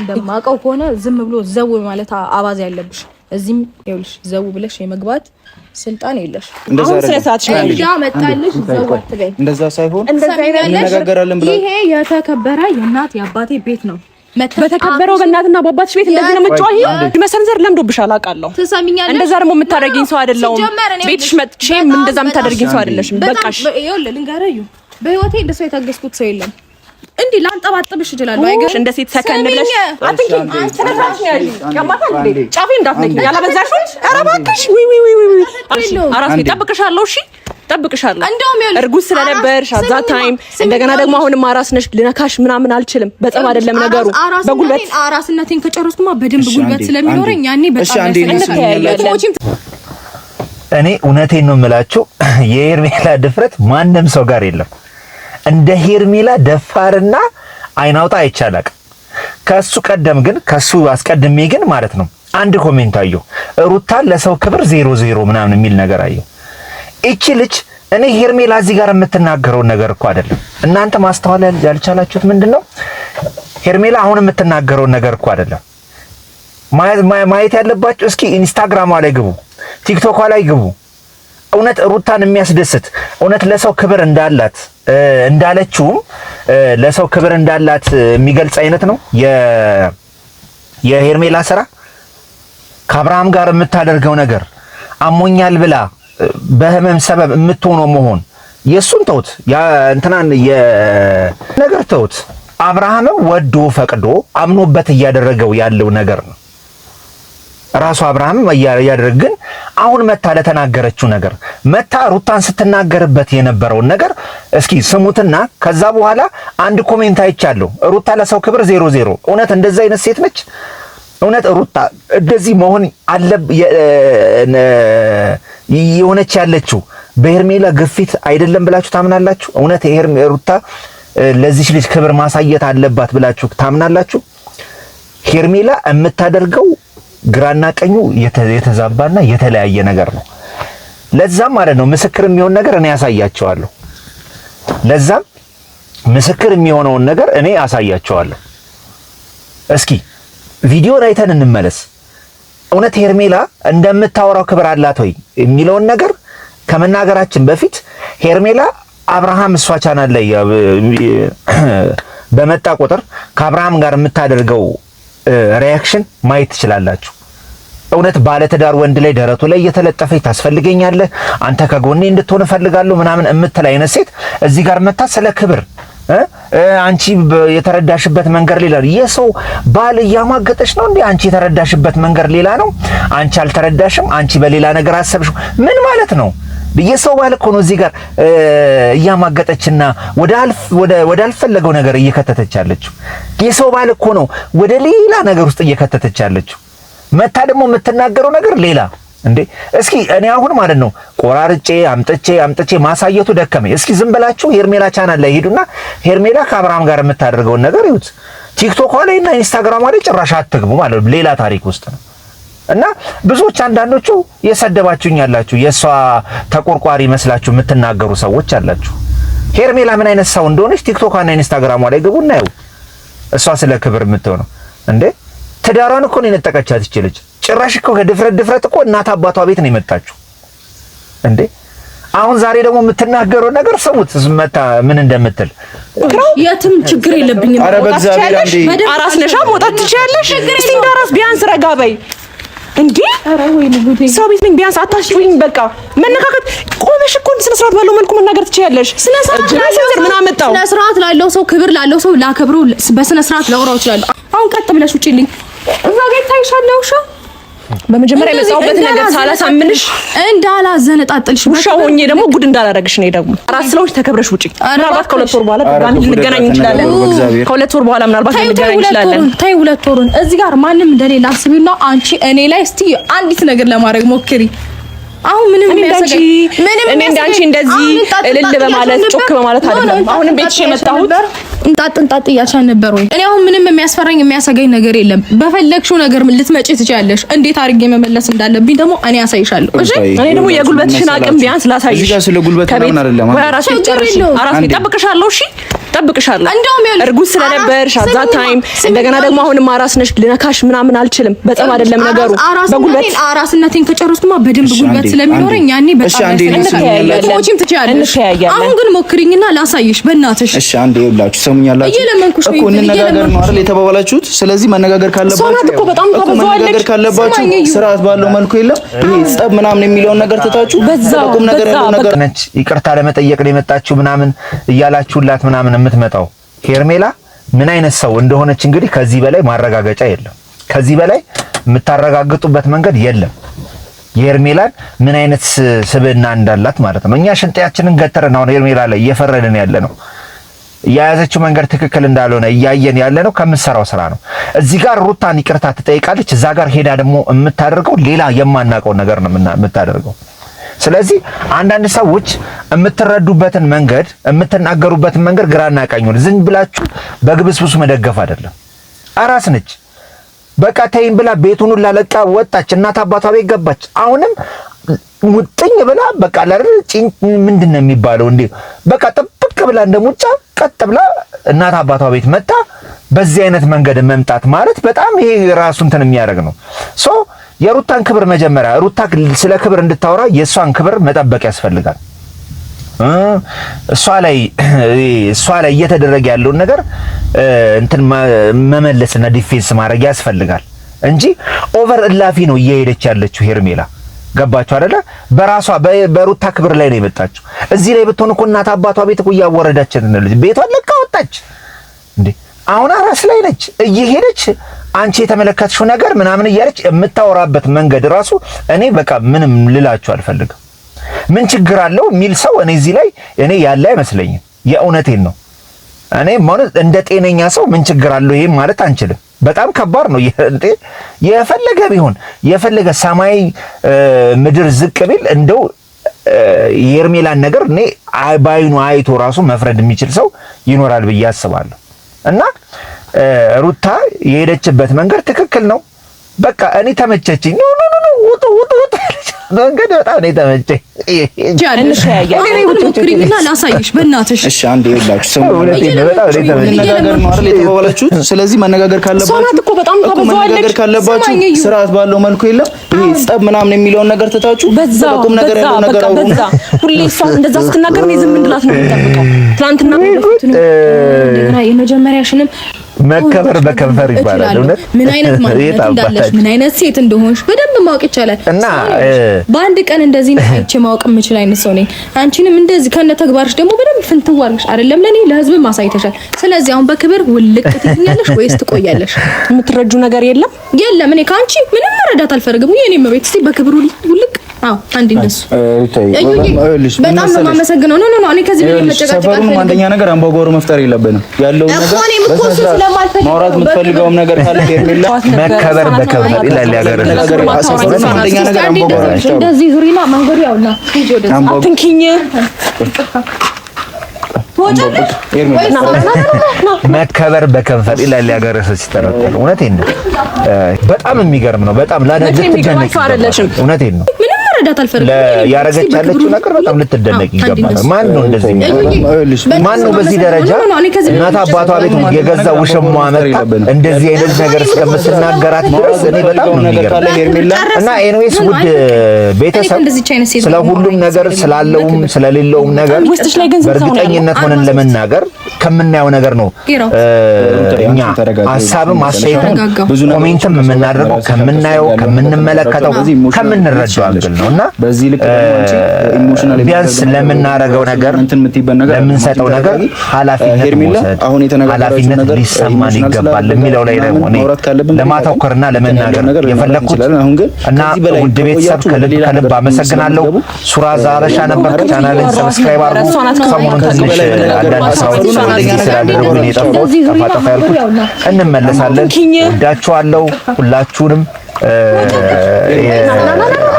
እንደማውቀው ከሆነ ዝም ብሎ ዘው ማለት አባዝ ያለብሽ እዚህም ይኸውልሽ ዘው ብለሽ የመግባት ስልጣን የለሽ። አሁን ስለሳትሽ መጣልሽ ዘው አትበይ። እንደዛ ሳይሆን እንነጋገራለን ብላ ይሄ የተከበረ የእናት የአባቴ ቤት ነው። በተከበረው በእናትና በአባትሽ ቤት እንደዚህ ነው መጫወት። ይሄ መሰንዘር ለምዶብሻል አውቃለሁ። ትሰሚኛለሽ? እንደዛ ደግሞ የምታደርጊኝ ሰው አይደለሁም። ቤትሽ መጥቼም እንደዛ የምታደርጊኝ ሰው አይደለሽም። በቃሽ። ይኸውልህ ልንገርህ፣ በህይወቴ እንደሷ የታገስኩት ሰው የለም። እንዲህ ላንጠባጥብሽ እችላለሁ። አይገርምሽ? እንደ ሴት ሰከን ብለሽ አትንኪኝ። ጫፌ እንዳትነኪ ያለበዛሽ። ኧረ እባክሽ! አራስ ቤት ጠብቅሻለሁ። እሺ ጠብቅሻለሁ። እርጉዝ ስለነበርሽ አዛ ታይም እንደገና ደግሞ አሁንም አራስ ነሽ። ልነካሽ ምናምን አልችልም። በጸብ አይደለም ነገሩ፣ በጉልበት አራስነቴን ከጨረስኩማ በደንብ ጉልበት ስለሚኖረኝ ያኔ በጣም እንተያያለን። እኔ እውነቴን ነው የምላችሁ የኤርሜላ ድፍረት ማንም ሰው ጋር የለም። እንደ ሄርሜላ ደፋርና አይናውጣ አይቻላቅ። ከሱ ቀደም ግን ከሱ አስቀድሜ ግን ማለት ነው አንድ ኮሜንት አየሁ። ሩታን ለሰው ክብር ዜሮ ዜሮ ምናምን የሚል ነገር አየሁ። እቺ ልጅ እኔ ሄርሜላ እዚህ ጋር የምትናገረውን ነገር እኮ አይደለም። እናንተ ማስተዋል ያልቻላችሁት ምንድን ነው? ሄርሜላ አሁን የምትናገረውን ነገር እኮ አይደለም ማየት ያለባችሁ። እስኪ ኢንስታግራሟ ላይ ግቡ፣ ቲክቶኳ ላይ ግቡ። እውነት ሩታን የሚያስደስት እውነት ለሰው ክብር እንዳላት እንዳለችውም ለሰው ክብር እንዳላት የሚገልጽ አይነት ነው የሄርሜላ ስራ። ከአብርሃም ጋር የምታደርገው ነገር አሞኛል ብላ በህመም ሰበብ የምትሆነው መሆን የእሱን ተውት፣ እንትናን ነገር ተውት። አብርሃምም ወዶ ፈቅዶ አምኖበት እያደረገው ያለው ነገር ነው ራሱ አብርሃም እያደረግ ግን አሁን መታ ለተናገረችው ነገር መታ ሩታን ስትናገርበት የነበረውን ነገር እስኪ ስሙትና ከዛ በኋላ አንድ ኮሜንት አይቻለሁ። ሩታ ለሰው ክብር ዜሮ ዜሮ። እውነት እንደዛ አይነት ሴት ነች? እውነት ሩታ እንደዚህ መሆን አለ የሆነች ያለችው በሄርሜላ ግፊት አይደለም ብላችሁ ታምናላችሁ? እውነት ሩታ ለዚች ልጅ ክብር ማሳየት አለባት ብላችሁ ታምናላችሁ? ሄርሜላ የምታደርገው ግራና ቀኙ የተዛባና የተለያየ ነገር ነው። ለዛም ማለት ነው ምስክር የሚሆን ነገር እኔ ያሳያቸዋለሁ። ለዛም ምስክር የሚሆነውን ነገር እኔ አሳያቸዋለሁ። እስኪ ቪዲዮን አይተን እንመለስ። እውነት ሄርሜላ እንደምታወራው ክብር አላት ወይ የሚለውን ነገር ከመናገራችን በፊት ሄርሜላ አብርሃም እሷ ቻናል ላይ በመጣ ቁጥር ከአብርሃም ጋር የምታደርገው ሪያክሽን ማየት ትችላላችሁ። እውነት ባለትዳር ወንድ ላይ ደረቱ ላይ እየተለጠፈ ታስፈልገኛለህ፣ አንተ ከጎኔ እንድትሆን እፈልጋለሁ ምናምን የምትል አይነት ሴት እዚህ ጋር መታ ስለ ክብር አንቺ የተረዳሽበት መንገድ ሌላ ነው። የሰው ባል እያማገጠች ነው እንዴ? አንቺ የተረዳሽበት መንገድ ሌላ ነው። አንቺ አልተረዳሽም። አንቺ በሌላ ነገር አሰብሽ። ምን ማለት ነው? የሰው ባል እኮ ነው እዚህ ጋር እያማገጠችና ወደ አልፈለገው ነገር እየከተተች ያለችው። የሰው ባል እኮ ነው ወደ ሌላ ነገር ውስጥ እየከተተች ያለችው። መታ ደግሞ የምትናገረው ነገር ሌላ እንዴ እስኪ እኔ አሁን ማለት ነው ቆራርጬ አምጥቼ አምጥቼ ማሳየቱ ደከመኝ። እስኪ ዝም ብላችሁ ሄርሜላ ቻናል ላይ ሄዱና ሄርሜላ ከአብርሃም ጋር የምታደርገውን ነገር ይዩት። ቲክቶክ ላይ እና ኢንስታግራም ላይ ጭራሽ አትግቡ ማለት ነው፣ ሌላ ታሪክ ውስጥ ነው። እና ብዙዎች አንዳንዶቹ የሰደባችሁኝ ያላችሁ የእሷ ተቆርቋሪ መስላችሁ የምትናገሩ ሰዎች አላችሁ። ሄርሜላ ምን አይነት ሰው እንደሆነች ቲክቶክ እና ኢንስታግራሟ ላይ ግቡ እናየው። እሷ ስለ ክብር የምትሆነው እንዴ ትዳሯን እኮ ነው የነጠቀቻት እቺ ልጅ። ጭራሽ እኮ ከድፍረት ድፍረት እኮ እናት አባቷ ቤት ነው የመጣችው እንዴ! አሁን ዛሬ ደግሞ የምትናገረው ነገር ስሙት፣ መታ ምን እንደምትል የትም ችግር የለብኝም። ኧረ በእግዚአብሔር አንዴ አራስ ነሻ መውጣት ትችያለሽ። እስቲ አራስ ቢያንስ ረጋ በይ እንዴ! ሰው ቤት ነኝ ቢያንስ አታሽኝ። በቃ መነካከት ቆመሽ እኮ ስነ ስርዓት ባለው መልኩ መናገር ትችያለሽ። ስነ ስርዓት ምን አመጣው? ስነ ስርዓት ላለው ሰው ክብር ላለው ሰው ላከብረው፣ በስነ ስርዓት ላወራው እችላለሁ። አሁን ቀጥ ብለሽ ውጪልኝ። እዛ ጋር ይታይሻል ውሻ። በመጀመሪያ የመጣሁበት ነገር ሳላሳምንሽ እንዳላዘነጣጥልሽ ውሻ ሆኜ ደግሞ ጉድ እንዳላረግሽ ነው። ደግሞ አራት ስለሆንሽ ተከብረሽ ውጪ። ምናልባት ከሁለት ወር በኋላ ድጋሚ ልንገናኝ እንችላለን። ከሁለት ወር በኋላ ምናልባት ልንገናኝ እንችላለን። ተይ ሁለት ወሩን እዚህ ጋር ማንም እንደሌላ አስቢና አንቺ እኔ ላይ እስቲ አንዲት ነገር ለማድረግ ሞክሪ። አሁን ምንም እንዳንቺ ምንም እንዳንቺ እንደዚህ እልል በማለት ጮክ በማለት አይደለም። አሁንም ቤትሽ የመጣሁት እንጣጥ እንጣጥ እያልሻል ነበር ወይ? እኔ አሁን ምንም የሚያስፈራኝ የሚያሰጋኝ ነገር የለም። በፈለግሽው ነገር ልትመጪ ትችያለሽ። እንዴት አድርጌ መመለስ እንዳለብኝ ደግሞ እኔ አሳይሻለሁ። እሺ፣ እኔ ደግሞ የጉልበትሽን አቅም ቢያንስ ላሳይሽ። እዚህ ጋር ስለ ጉልበት ምናምን አይደለም። አራስ ጨርሽ፣ አራስ እጠብቅሻለሁ። እሺ እጠብቅሻለሁ። እንደውም ይኸውልሽ እርጉዝ ስለነበርሽ አዛ ታይም እንደገና ደግሞ አሁንም አራስ ነሽ። ልነካሽ ምናምን አልችልም። በጣም አይደለም ነገሩ። በጉልበት አራስነቴን ከጨረስኩማ በደንብ ጉልበት ስለሚኖረኝ ያኔ በጣም ልትሞቺም ትችያለሽ። አሁን ግን ሞክሪኝና ላሳይሽ በእናትሽ። እሺ አንዴ ይኸውላችሁ፣ ሰሙኛላችሁ እየለመንኩሽ እኮ እንነጋገር ነው አይደል የተባባላችሁት። ስለዚህ መነጋገር ካለባችሁ መነጋገር ካለባችሁ ስርዓት ባለው መልኩ የለም ይሄ ጸብ ምናምን የሚለውን ነገር ትታችሁ በዛው ነገር ያለው ነገር ነች። ይቅርታ ለመጠየቅ ነው የመጣችሁ ምናምን እያላችሁላት ምናምን የምትመጣው ሄርሜላ ምን አይነት ሰው እንደሆነች እንግዲህ ከዚህ በላይ ማረጋገጫ የለም። ከዚህ በላይ የምታረጋግጡበት መንገድ የለም። የኤርሜላን ምን አይነት ስብዕና እንዳላት ማለት ነው። እኛ ሽንጥያችንን ገተረን አሁን ሄርሜላ ላይ እየፈረድን ያለ ነው። የያዘችው መንገድ ትክክል እንዳልሆነ እያየን ያለ ነው። ከምትሰራው ስራ ነው። እዚህ ጋር ሩታን ይቅርታ ትጠይቃለች። እዛ ጋር ሄዳ ደግሞ የምታደርገው ሌላ የማናውቀው ነገር ነው የምታደርገው። ስለዚህ አንዳንድ ሰዎች የምትረዱበትን መንገድ የምትናገሩበትን መንገድ ግራና ቀኙን ዝም ብላችሁ በግብስብሱ መደገፍ አይደለም። አራስ ነች። በቃ ተይም ብላ ቤቱን ሁላ ለቃ ወጣች። እናት አባቷ ቤት ገባች። አሁንም ሙጥኝ ብላ በቃ ለር ጭንጭ ምንድን ነው የሚባለው? እንዴ በቃ ጥብቅ ብላ እንደ ሙጫ ቀጥ ብላ እናት አባቷ ቤት መጣ። በዚህ አይነት መንገድ መምጣት ማለት በጣም ይሄ ራሱ እንትን የሚያደርግ ነው። ሶ የሩታን ክብር መጀመሪያ ሩታ ስለ ክብር እንድታወራ የእሷን ክብር መጠበቅ ያስፈልጋል። እሷ ላይ እሷ ላይ እየተደረገ ያለውን ነገር እንትን መመለስና ዲፌንስ ማድረግ ያስፈልጋል እንጂ ኦቨር እላፊ ነው እየሄደች ያለችው ሄርሜላ። ገባችሁ አይደለ? በራሷ በሩታ ክብር ላይ ነው የመጣችው። እዚህ ላይ ብትሆን እኮ እናት አባቷ ቤት እኮ እያወረዳችን ነው። ቤቷን ለቃ ወጣች እንዴ! አሁን አራስ ላይ ነች እየሄደች አንቺ የተመለከትሽው ነገር ምናምን እያለች የምታወራበት መንገድ ራሱ እኔ በቃ ምንም ልላችሁ አልፈልግም። ምን ችግር አለው የሚል ሰው እኔ እዚህ ላይ እኔ ያለ አይመስለኝም። የእውነቴን ነው። እኔ እንደ ጤነኛ ሰው ምን ችግር አለው ይሄ ማለት አንችልም። በጣም ከባድ ነው። የፈለገ ቢሆን የፈለገ ሰማይ ምድር ዝቅ ቢል እንደው የኤርሜላን ነገር እኔ ባይኑ አይቶ ራሱ መፍረድ የሚችል ሰው ይኖራል ብዬ አስባለሁ። እና ሩታ የሄደችበት መንገድ ትክክል ነው። በቃ እኔ ተመቸችኝ። መንገድ በጣም ነው የተመቸኝ። ስለዚህ መነጋገር ካለባችሁ ስርዓት ባለው መልኩ የለም ጸብ ምናምን የሚለውን ነገር ትታችሁ ነገር ያለው ነገር ሁሌ እሷ እንደዛ ስትናገር ዝም እንድላት ነው የምጠብቀው። ትናንትና መከበር በከንፈር ይባላል። እውነት ምን አይነት ማንነት እንዳለሽ ምን አይነት ሴት እንደሆንሽ በደንብ ማወቅ ይቻላል። እና በአንድ ቀን እንደዚህ ነው አይቼ ማወቅ የምችል አይነት ሰው ነኝ። አንቺንም እንደዚህ ከነ ተግባርሽ ደግሞ በደንብ ፍንትው ፍንትዋልሽ አይደለም ለኔ ለህዝብ ማሳይተሻል። ስለዚህ አሁን በክብር ውልቅ ትኛለሽ ወይስ ትቆያለሽ? የምትረጁ ነገር የለም የለም። እኔ ከአንቺ ምንም መረዳት አልፈልግም። የኔም ቤት እስቲ በክብር ውልቅ አዎ አንድ እንደሱ በጣም ነው አንደኛ ነገር አምባጓሮ መፍጠር የለብንም ያለው ማውራት የምትፈልገውም ነገር ካለ መከበር በከበር ይላል ያገር መከበር በከንፈር ይላል ያገረሰች ተረት እውነቴን ነው። በጣም የሚገርም ነው። በጣም ላደረጀት ትገነች እውነቴን ነው። መረዳት አልፈረድኩም። ያረገች ያለችው ነገር በጣም ልትደነቅ ይገባል። ማን ነው እንደዚህ የሚያደርገው? ማን ነው በዚህ ደረጃ እናት አባቷ ቤት የገዛ ውሽማ መጣ እንደዚህ አይነት ነገር እስከምትናገራት ድረስ እኔ በጣም ነው የሚገርመኝ። እና ኤንዌስ ውድ ቤተሰብ ስለ ሁሉም ነገር ስላለውም ስለሌለውም ነገር በእርግጠኝነት ሆነን ለመናገር ከምናየው ነገር ነው እኛ ሀሳብም አስተያየትም ኮሜንትም የምናደርገው ከምናየው ከምንመለከተው ከምንረዳው ነው። እና በዚህ ልክ ኢሞሽናል ቢያንስ ለምናረገው ነገር እንትን ነገር ለምንሰጠው ነገር ኃላፊነት ሊሰማን ይገባል የሚለው ላይ ነው እኔ ለማተኮርና ለመናገር ግን እና ውድ ቤተሰብ ከልብ ከልብ አመሰግናለሁ። ሱራ ዛረሻ ነበር። ቻናልን ሰብስክራይብ አድርጉ። ሰሞኑን ትንሽ አንዳንድ ስራዎች ስላደረጉኝ የጠፋሁት ጠፋ ጠፋ ያልኩት። እንመለሳለን። ወዳችኋለሁ ሁላችሁንም።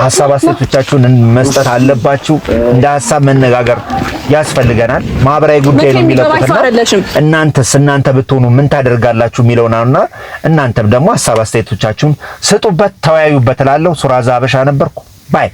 ሀሳብ አስተያየቶቻችሁን መስጠት አለባችሁ። እንደ ሀሳብ መነጋገር ያስፈልገናል። ማህበራዊ ጉዳይ ነው የሚለቁትና እናንተስ እናንተ ብትሆኑ ምን ታደርጋላችሁ የሚለው ነውና እናንተም ደግሞ ሀሳብ አስተያየቶቻችሁን ስጡበት፣ ተወያዩበት እላለሁ። ሱራዛ ሀበሻ ነበርኩ ባይ